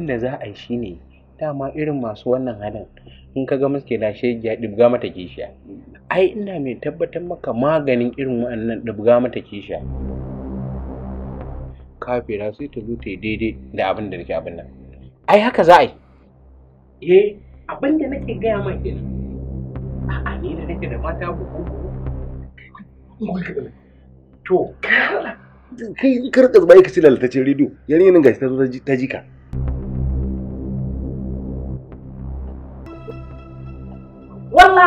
abin da za a yi shi ne dama irin masu wannan halin in ka ga muke lashe ya dibga mata kishiya ai ina mai tabbatar maka maganin irin wannan dibga mata kishiya kafira sai ta zo ta yi daidai da abin da nake abin nan ai haka za a yi eh abin da nake gaya ma kenan a'a ni da nake da mata uku to kai karkas bai ka ci lalatacin rediyo yarin yin gashi ta zo ta ji ka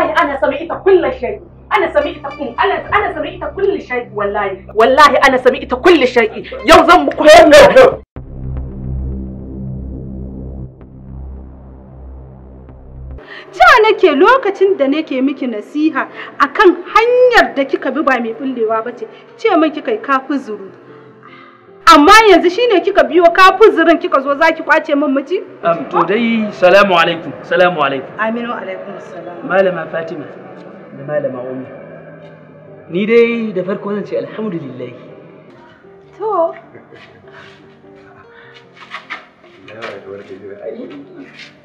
wallahi ana sami'ita kulli shay ana sami'ita kun ana ana sami'ita kulli shay wallahi wallahi ana shay yau zan muku ja nake lokacin da nake miki nasiha akan hanyar da kika bi ba mai bullewa ba ce ce min kika kafi zuru amma yanzu shine kika biyo ka fuzurin kika zo zaki kwace min miji to dai salamu alaikum salamu alaikum aminu alaikum salam malama fatima da malama ummi ni dai da farko zan ce alhamdulillah to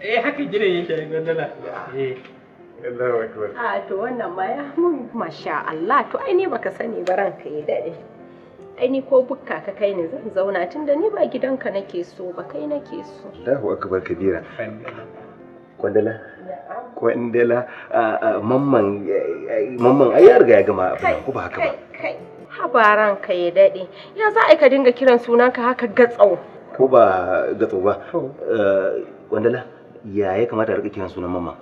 eh haka gidan yake gwandala eh Allah akbar a to wannan ma ya mun masha Allah to ai ne baka sani ba ranka ya dade ni ko bukka ka kai ne zan zauna tunda ni ba gidanka nake so ba kai nake so Allahu akbar kabira kwandala kwandala mamman mamman ai ya riga ya gama abin ko ba haka ba habaran ka ya dade ya za a ka dinga kiran sunanka haka gatsau ko ba gatsau ba eh, kwandala ya ya kamata a riga kiran sunan mamman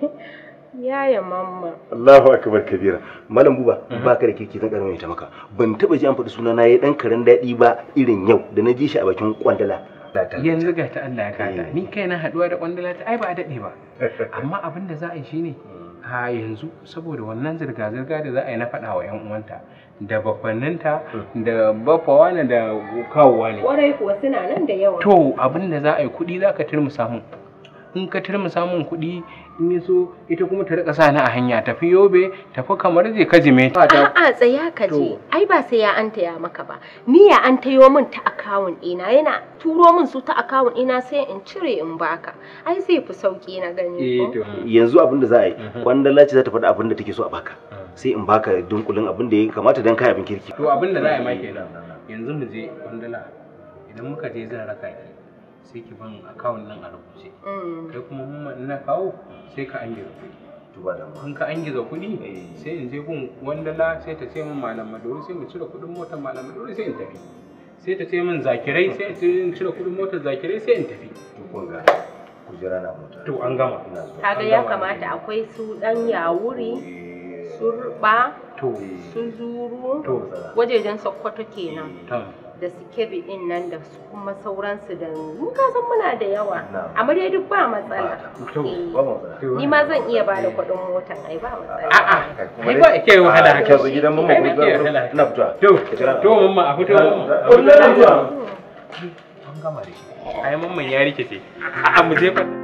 Yaya mamma. Allahu akbar kabira. Malam buba mhm. ba ka da kike zan karanta maka. Ban taba ji an faɗi suna na yayi dan karen dadi ba irin yau da na ji shi a bakin kwandala. Yanzu ga ta Allah ya kada. Eh. Ni kai na haduwa da kwandala ta ai ba a daɗe ba. Amma abin da za a yi shine hmm. a yanzu saboda wannan zirga-zirga da za a yi na faɗa wa 'yan uwanta da bakwanninta hmm. da bafawa ne da kawowa ne. kwarai kuwa suna nan da yawa. To abin da za a yi kuɗi za ka turmi samun. In ka turmi samun kuɗi in ya so ita kuma ta rika sani a hanya tafi yobe tafi kamar je ka jime ta a'a tsaya ka je ai ba sai ya anta ya maka ba ni ya anta yo min ta akawun ɗina yana turo min su ta akawun ɗina sai in cire in baka ai zai fi sauki na gani eh mm-hmm. yanzu abin da za a yi mm-hmm. kwandala ce za ta faɗi abin da take so a baka mm. sai in baka dunkulin abin da ya kamata dan kai abin kirki to abin da za a yi ma kenan yanzu mu je kwandala idan muka je zan raka ki sai ki ban account nan a rubuce mm. kai kuma mun ina kawo sai ka an gida kuɗi in ka an gida kuɗi eh. sai in je gun wandala sai ta ce min malam madori sai mu cire kuɗin motar malam madori sai in tafi sai ta ce min zakirai sai ta in cire kuɗin motar zakirai sai in tafi to kun ku jira na mota to an gama ina kaga ya kamata akwai su dan yawuri surba to su zuru wajejen sokoto kenan da su kebi din nan da su kuma sauransu da mun ka san muna da yawa amma dai duk ba matsala eh, ni ma zan iya ba da kuɗin motan ai ba matsala a'a kai ba ke wahala haka yanzu gidan mamma ko za na fita to to mamma a fito mamma an gama da shi ai mamman ya rike rikice a'a mu je fa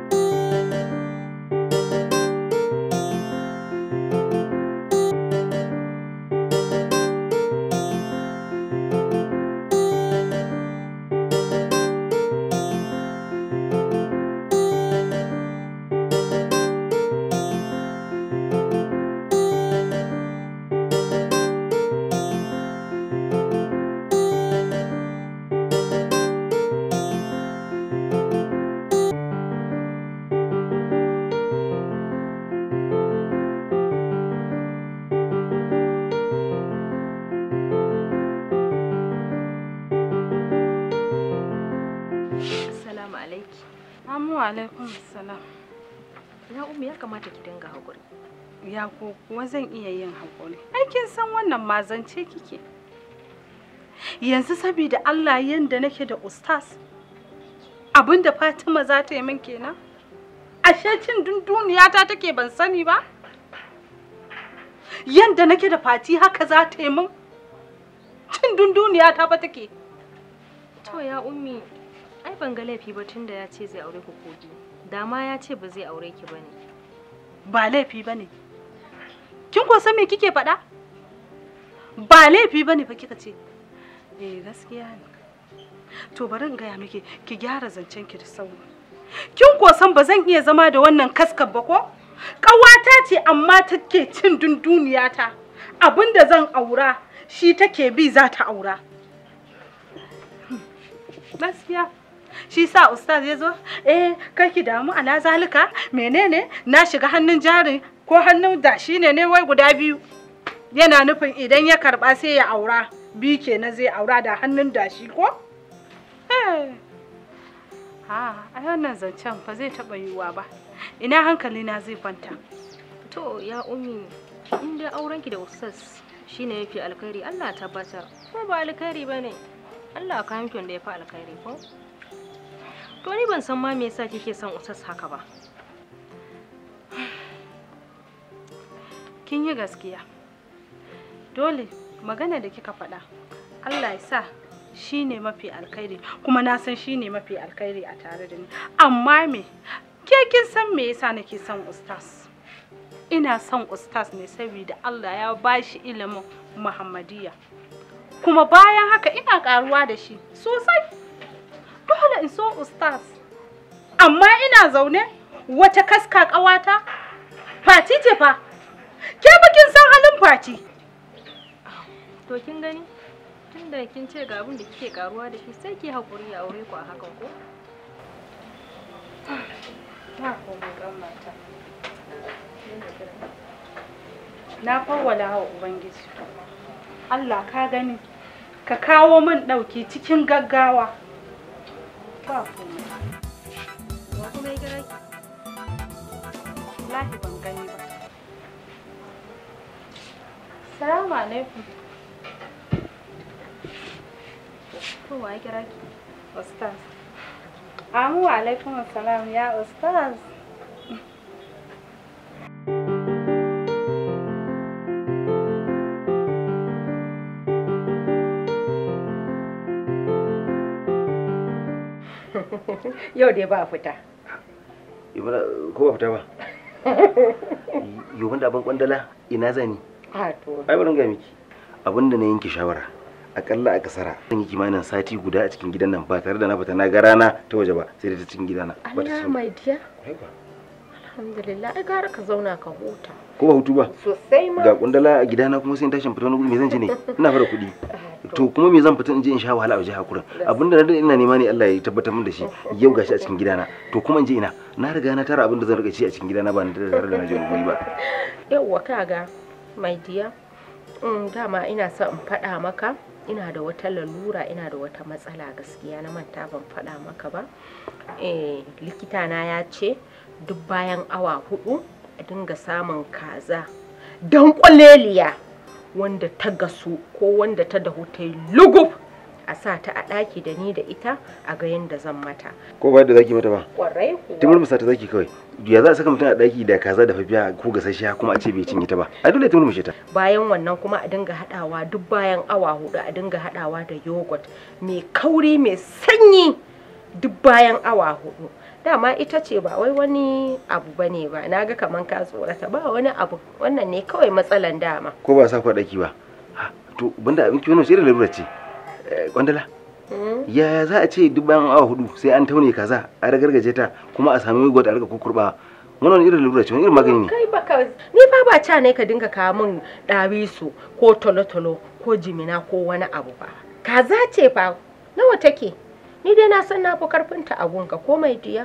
Wa alaikum salam. Ya umu ya kamata ki dinga haƙuri. Ya ko kuma zan iya yin haƙuri. Ai kin san wannan mazance kike. Yanzu saboda Allah yanda nake da ustaz. Abinda Fatima za ta yi min kenan. Ashe cin dunduniya ta take ban sani ba. Yanda nake da fati haka za ta yi min. Cin dunduniya ta ba take. To ya ummi ai ban ga laifi ba tunda ya ce zai aure ku kogi dama ya ce ba zai aure ki bane ba laifi bane kin ko san me kike faɗa ba laifi bane fa kika ce eh gaskiya ne to bari in gaya miki ki gyara zancen ki da sauri kin ko san ba zan iya zama da wannan kaskar ba ko ƙawata ce amma take cin dunduniyata abinda zan aura shi take bi za ta aura hmm. gaskiya shi sa ustaz ya zo eh kai ki damu ala zalika menene na shiga hannun jari ko hannun da shi ne ne wai guda biyu yana nufin idan ya karba sai ya aura biyu kenan zai aura da hannun dashi ko ha a wannan zancen fa zai taba yiwuwa ba ina hankali na zai kwanta to ya umi in dai aurenki da ustaz shine yafi alkhairi Allah tabbatar ko ba alkhairi bane Allah ka hankin da yafi alkhairi ko To ban san ma me yasa kike son usas haka ba. Kin yi gaskiya. Dole magana da kika faɗa Allah ya sa shi mafi alkhairi kuma na san shi mafi alkhairi a tare da ni amma me ke kin san me yasa nake son ustas? ina son ustas ne saboda Allah ya ba shi ilimin muhammadiya kuma bayan haka ina ƙaruwa da shi sosai dole in so ustaz amma ina zaune wata kaska kawata fati ce fa ke kin san halin fati to kin gani tunda kin ce ga abin da kike karuwa da shi sai ki haƙuri ya aure ku a hakan ko na fawwala hawa ubangiji Allah ka gani ka kawo min ɗauki cikin gaggawa ba komai ba kuma ban gani ba alaikum wa ya amu alaikum ya ustaz yau dai ba fita ko ba fita ba yoban da abin kwandala ina zani ai bari ga miki abin da na yanke shawara akalla a kasara zan yi kimanin sati guda a cikin gidan nan ba tare da na fita na ga rana ta waje ba sai da ta cikin gidana Allah mai diya alhamdulillah ai gara ka zauna ka huta ko ba hutu ba sosai ma ga kundala a gidana kuma sai in tashin fita wani guri me zan je ne ina fara kuɗi to kuma me zan fita in je in sha wahala a waje hakurin abinda na da ina nema ne Allah ya tabbatar min da shi yau gashi a cikin gidana to kuma in je ina na riga na tara abin da zan rika ci a cikin gidana ba na tare da na je wani ba yauwa kaga my dear mm, dama ina son in faɗa maka ina da wata lalura ina da wata matsala gaskiya na manta ban faɗa maka ba eh likita na ya ce duk bayan awa hudu a dinga samun kaza don kwaleliya wanda ta gasu ko wanda ta dahu ta yi lugub a sa ta a ɗaki da ni da ita a ga yadda zan mata. Ko ba da zaki mata ba? Kwarai kuwa. Tumur musa ta zaki kawai. Ya za a saka mutum a ɗaki da kaza da fafiya ko gasasshiya kuma a ce bai cinye ta ba. A dole tumur mushe ta. Bayan wannan kuma a dinga haɗawa duk bayan awa hudu a dinga haɗawa da yogurt mai kauri mai sanyi duk bayan awa hudu. dama ita ce ba wai wani abu ba ne ba na ga kaman ka tsorata ba wani abu wannan ne kawai matsalan dama ko ba sa faɗaki ba to banda abin kiwon sai da larura ce eh, kwandala hmm? ya za a ce duk bayan awa hudu sai an taune kaza a ragargaje ta kuma a sami gwada a riga kukurba wannan irin lura ce wani irin magani ne kai baka ni fa ba ca ne ka dinga kawo min su ko tolotolo ko jimina ko wani abu ba kaza ce fa nawa take ni dai na san na fi karfinta a gunka ko mai diya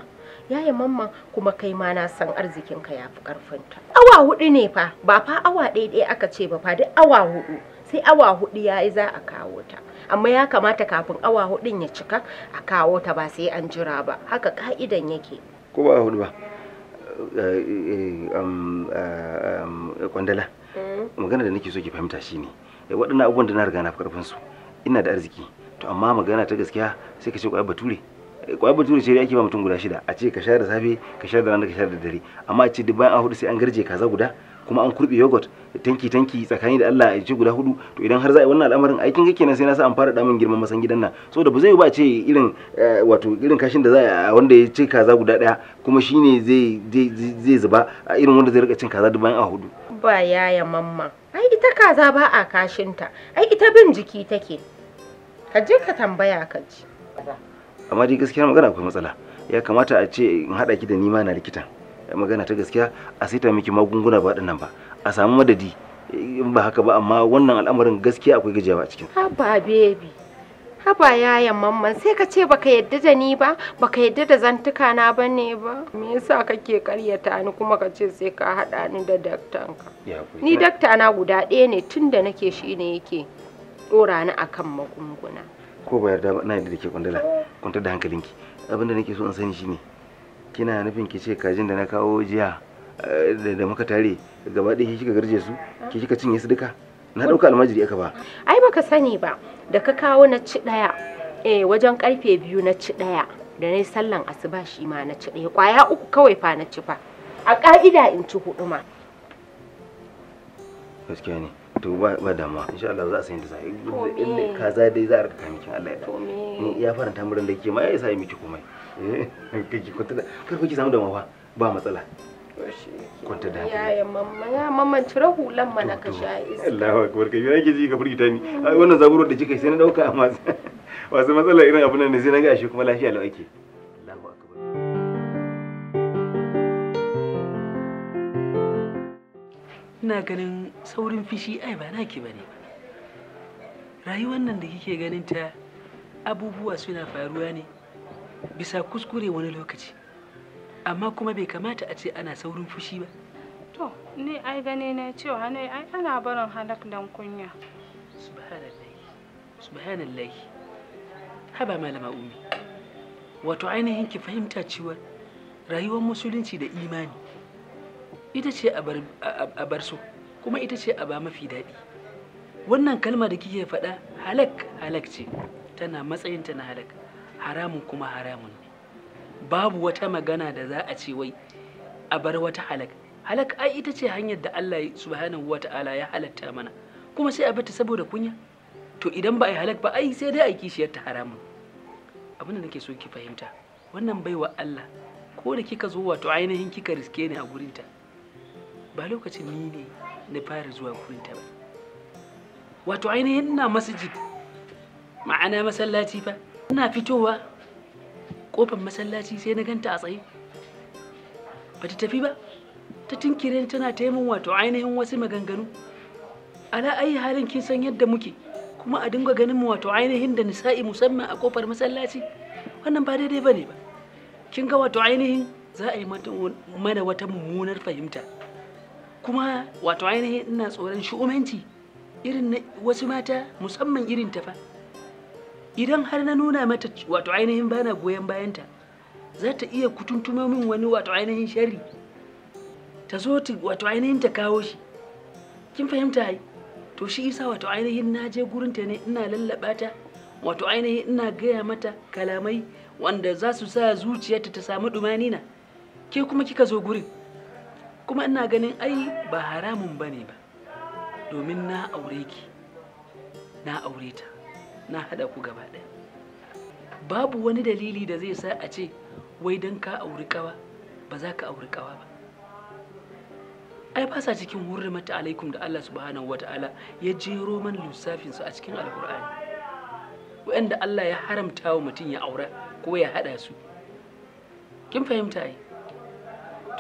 yaya mamma kuma kai ma na san arzikinka ya fi karfinta awa hudu ne fa ba fa awa ɗaya ɗaya aka ce ba fa duk awa hudu sai awa hudu ya yi za a kawo ta amma ya kamata kafin awa hudun ya cika a kawo ta ba sai an jira ba haka ka'idan yake ko ba hudu ba eh, eh, um, eh, um, kwandala mm. magana da nake so ki fahimta shine waɗannan abubuwan da na riga na fi karfin su ina da arziki to amma magana ta gaskiya sai ka ce kwaya bature kwaya bature ce dai ake ba mutum guda shida a ce ka share da safe ka share da rana ka share da dare amma a ce duk bayan an hudu sai an garje kaza guda kuma an kurbe yogurt tanki tanki tsakani da Allah ya ce guda hudu to idan har za a yi wannan al'amarin aikin kake nan sai na sa an fara damin girman masan gidan nan saboda ba zai ba ce irin eh, wato irin kashin da za a wanda ya ce kaza guda daya kuma shine zai zai zuba a irin wanda zai rika cin kaza duk bayan a hudu ba yaya mamma ai ita kaza ba a kashinta ai ita bin jiki take ka je ka tambaya ka ji amma dai gaskiya magana akwai matsala ya kamata a ce in haɗa ki da ma na likitan magana ta gaskiya a saita miki magunguna ba ɗinnan ba a samu madadi in ba haka ba amma wannan al'amarin gaskiya akwai gajiyawa a cikin haba baby haba yayan mamman sai ka ce baka yadda da ni ba baka yadda da zantuka na ba ne ba me yasa kake karyata ni kuma ka ce sai ka haɗa ni da daktanka ni dakta na guda ɗaya ne tun da nake shi ne yake dora ni akan magunguna ko ba yarda ba ina yarda da ke kwandala kwantar da hankalinki abinda nake so in sani shine kina nufin ki ce kajin da na kawo jiya eh, da muka tare gaba ɗaya kika garje su ki kika cinye su duka na ɗauka almajiri aka ba ai baka sani ba da ka kawo na ci ɗaya eh wajen karfe biyu na ci ɗaya da nayi sallan asuba shi ma na ci ɗaya kwaya uku kawai fa na ci fa a ka'ida in ci huduma. gaskiya ne to ba ba da ma insha Allah za a san ta sai in yi kaza dai za a rika kai miki Allah ya ni ya fara murin da ke ma ya sai miki komai eh kike kwanta da kar kake samu da mawa ba matsala kwanta da ya ya mamma ya mamma tura hulan mana ka sha is Allahu akbar kai yake ji ka furita ni wannan zaburo da kika sai na dauka amma wasu matsala irin abun nan ne sai na ga shi kuma lafiya lau ake ina ganin saurin fishi ai ba naki bane rayuwar nan da kike ganin ta abubuwa suna faruwa ne bisa kuskure wani lokaci amma kuma bai kamata a ce ana saurin fushi ba to ni ai gane na cewa ne ai ana barin halak dan kunya subhanallahi subhanallahi haba malama umi wato ainihin ki fahimta cewa rayuwar musulunci da imani ita ce a bar su kuma ita ce a ba mafi daɗi wannan kalma da kike faɗa halak halak ce tana matsayin ta na halak haramun kuma haramun ne babu wata magana da za a ce wai a bar wata halak halak ai ita ce hanyar da Allah subhanahu wata'ala ya halatta mana kuma sai a bata saboda kunya to idan ba a yi halak ba ai sai dai a kishiyar ta haramun abin da nake so ki fahimta wannan baiwa Allah ko da kika zo wato ainihin kika riske ni a gurinta ba lokacin ni ne na fara zuwa gurinta ba wato ainihin ina masjid ma'ana masallaci fa ina fitowa kofar masallaci sai na ganta a tsaye ba ta tafi ba ta tinkire tana taimun wato ainihin wasu maganganu ala ayi halin kin san yadda muke kuma a dinga ganin mu wato ainihin da nisa'i musamman a kofar masallaci wannan ba daidai bane ba kin ga wato ainihin za a yi mana wata mummunar fahimta kuma wato ainihin ina tsoron shu'umanci irin na wasu mata musamman irin ta fa idan har na nuna mata wato ainihin bana goyon bayanta za ta iya kutuntuma min wani wato ainihin shari ta zo wato ainihin ta kawo shi kin fahimta ai to shi isa wato ainihin na je gurin ta ne ina lallaba ta wato ainihin ina gaya mata kalamai wanda za su sa zuciyarta ta samu dumani ke kuma kika zo gurin kuma ina ganin ai ba haramun bane ne ba domin na aure ki na aure ta na hada ku gaba babu wani dalili da zai sa a ce wai don ka auri kawa ba za ka auri kawa ba ai ba sa cikin hurrimata alaikum da Allah subhanahu wata'ala ya jero man lissafin su a cikin alkur'ani wa'anda Allah ya haramta wa mutum ya aura ko ya hada su kin fahimta ai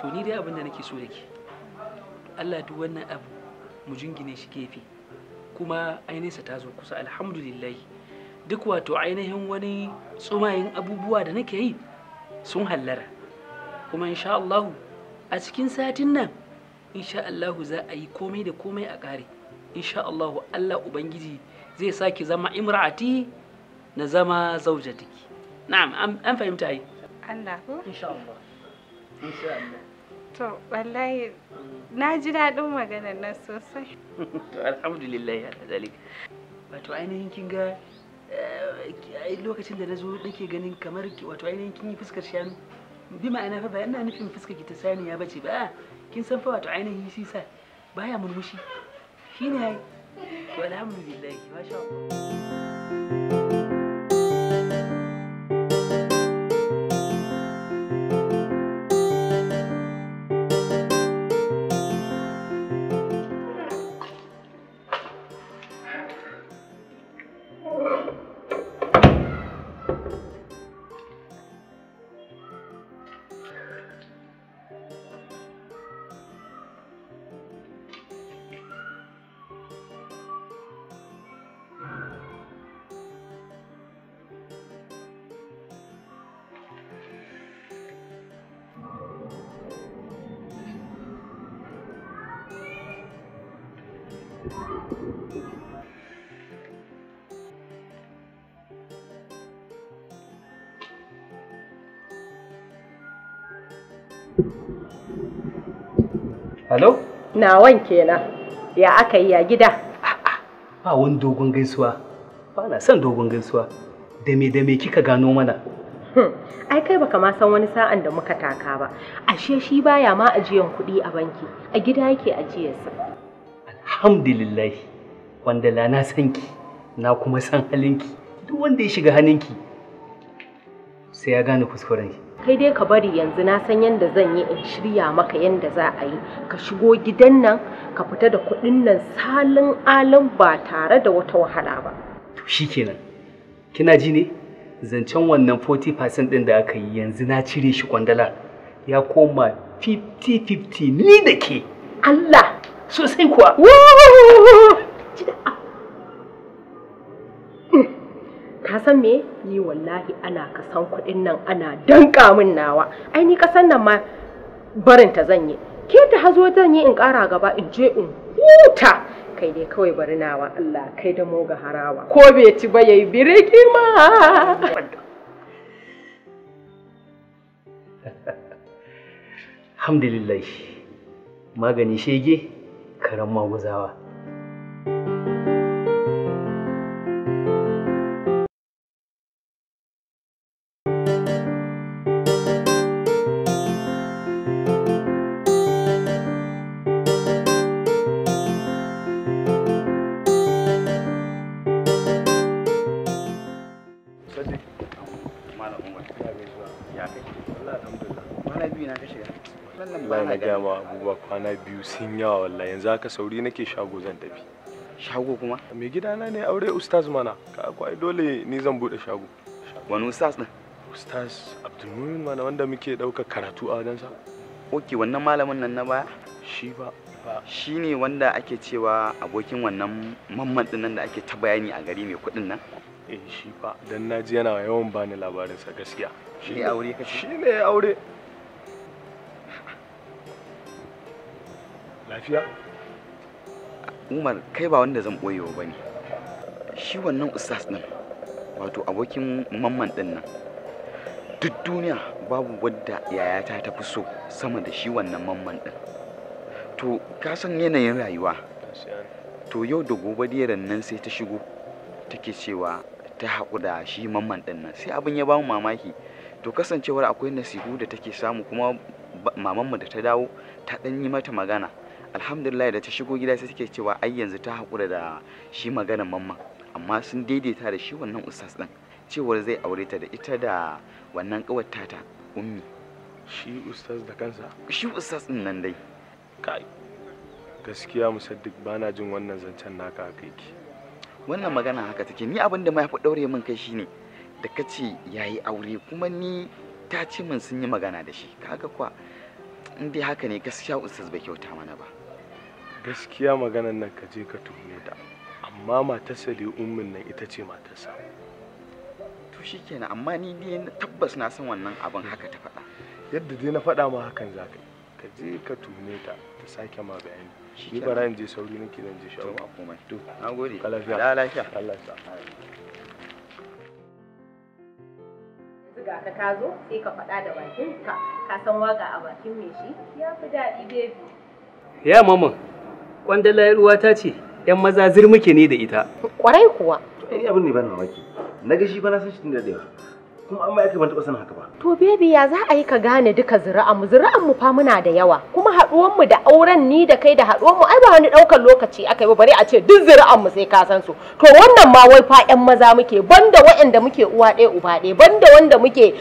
to ni dai abin da nake so da ke Allah duk wannan abu mu jingine shi gefe kuma ainihinsa ta zo kusa alhamdulillah duk wato ainihin wani tsumayen abubuwa da nake yi sun hallara kuma insha Allahu a cikin satin nan insha Allahu za a yi komai da komai a ƙare insha Allahu Allah ubangiji zai sake zama imra'ati na zama zaujatiki na'am an fahimta yi Allah ko insha Allah insha Allah To, wallahi na ji daɗin maganar nan sosai. To, alhamdulillah ya dalik Wato ainihin kin ga eh, lokacin da na zo nake ganin kamar wato ainihin kin yi fuskar shanu. Bi ma'ana fa ba ina nufin fuskar ki ta saniya ba ce ba. Kin san fa wato ainihin shi sa baya murmushi. shine ai To, alhamdulillah. Masha Allah. Hello? wanke na, Ya aka yi a gida? Ba wani dogon gaisuwa. Ba na son dogon gaisuwa. Da me da me kika gano mana? Hmm, ai kai baka ma san wani sa'an da muka taka ba. Ashe shi baya ma ajiyan kuɗi a banki. A gida yake ajiyarsa. Alhamdulillah. Wanda la na san ki, na kuma san halinki. Duk wanda ya shiga ki, sai ya gane kuskuren ki. kai dai ka bari yanzu na san yadda zan yi in shirya maka yadda za a yi ka shigo gidan nan ka fita da kuɗin nan salin alin ba tare da wata wahala ba to shikenan kina ji ne zancen wannan 40% ɗin da aka yi yanzu na cire shi kwandala ya koma 50-50 ni da ke Allah sosai kuwa ka san me ni wallahi ana kasan kuɗin nan ana danka min nawa ai ni kasan nan ma barin ta zan yi ke ta hazo zan yi in ƙara gaba in je in huta kai dai kawai bari nawa Allah kai da moga harawa ko bai ci ba yayi biriki ma alhamdulillah magani shege karan maguzawa gaya abubuwa kwana biyu sun yawa wallahi yanzu haka sauri nake shago zan tafi shago kuma mai gidana ne aure ustaz mana ka akwai dole ni zan bude shago wani ustaz din ustaz abdulmuin mana wanda muke dauka karatu a wajensa ok wannan malamin nan na baya shi ba shi ne wanda ake cewa abokin wannan mamman din nan da ake ta bayani a gari mai kudin nan eh shi ba dan naji yana yawan bani labarinsa gaskiya shi ne aure shi ne aure Lafiya? Umar, kai ba wanda zan ɓoye ba ne. Shi wannan ustaz ɗin, wato abokin mamman ɗin nan. Duk duniya babu wadda yayata ta fi so sama da shi wannan mamman ɗin. To, ka san yanayin rayuwa. To yau da gobe diyaran nan sai ta shigo take cewa ta haƙu da shi mamman ɗin nan sai abin ya bamu mamaki to kasancewar akwai nasihu da take samu kuma mamanmu da ta dawo ta ɗan yi mata magana alhamdulillah da ta shigo gida sai take cewa ai yanzu ta haƙura da shi magana mamma amma sun daidaita da shi wannan ustaz din cewar zai aure ta da ita da wannan ƙawar tata ummi shi ustaz da kansa shi ustaz din nan dai kai gaskiya ba bana jin wannan zancen naka haka yake wannan magana haka take ni abin da ma yafi daure min kai shine da kace yayi aure kuma ni ta ce min sun yi magana da shi kaga kwa in dai haka ne gaskiya ustaz bai kyauta mana ba gaskiya maganar nan ka je ka tuhume ta amma matarsa dai ummin nan ita ce matarsa to shikenan amma ni dai na tabbas na san wannan abin haka ta faɗa yadda dai na faɗa ma hakan za ka yi ka je ka tuhume ta ta sake ma bayani ni bara in je sauri nake zan je shawo to komai to nagode ka lafiya lafiya Allah ya sa ga ka ta zo sai ka faɗa da bakinka ka ka san waka a bakin me shi ya fi daɗi baby ya mama ruwa uwata ce, ‘yan maza zirmuke ne da ita. Kwarai kuwa. Ni abin ne na mamaki. Na ga shi ba na san shi tun da yawa. kuma an ma'aikata ban taɓa sanin haka ba. To bebi ya za a yi ka gane duka zira'an mu mu fa muna da yawa kuma haɗuwan mu da auren ni da kai da haɗuwan mu ai ba wani ɗaukar lokaci aka yi ba bari a ce duk zira'an mu sai ka san su. To wannan ma wai fa ɗan maza muke banda waɗanda muke uwa ɗaya uba ɗaya banda wanda muke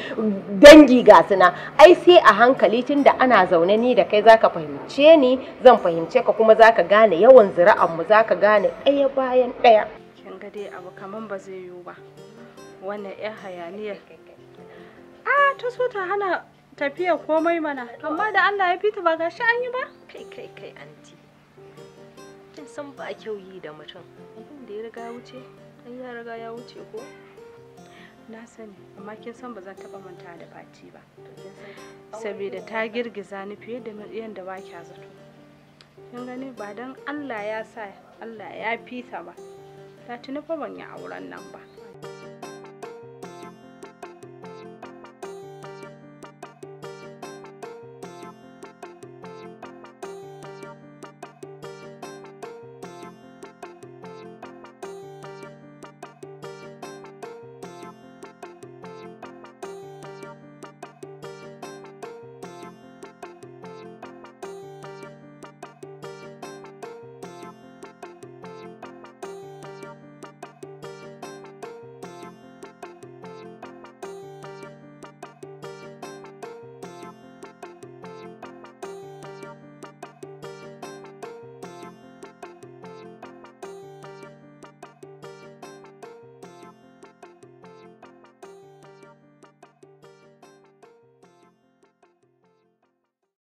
dangi ga suna ai sai a hankali tun da ana zaune ni da kai zaka fahimce ni zan fahimce ka kuma zaka gane yawan zira'an mu zaka gane ɗaya bayan ɗaya. Kin ga dai abu kaman ba zai yiwu ba. wannan 'yan hayaniyar a ah, ta so ta hana tafiya komai mana amma da Allah ya fita ba gashi an yi ba kai kai kai anti kin san ba kyau yi da mutum abin da ya riga wuce an ya riga ya wuce ko na sani amma kin san ba za ta taba manta da baci ba saboda ta girgiza ni fiye da yadda ba kya zato kin gani ba dan Allah ya sa Allah ya fita ba ta tuni fa ban yi auren nan ba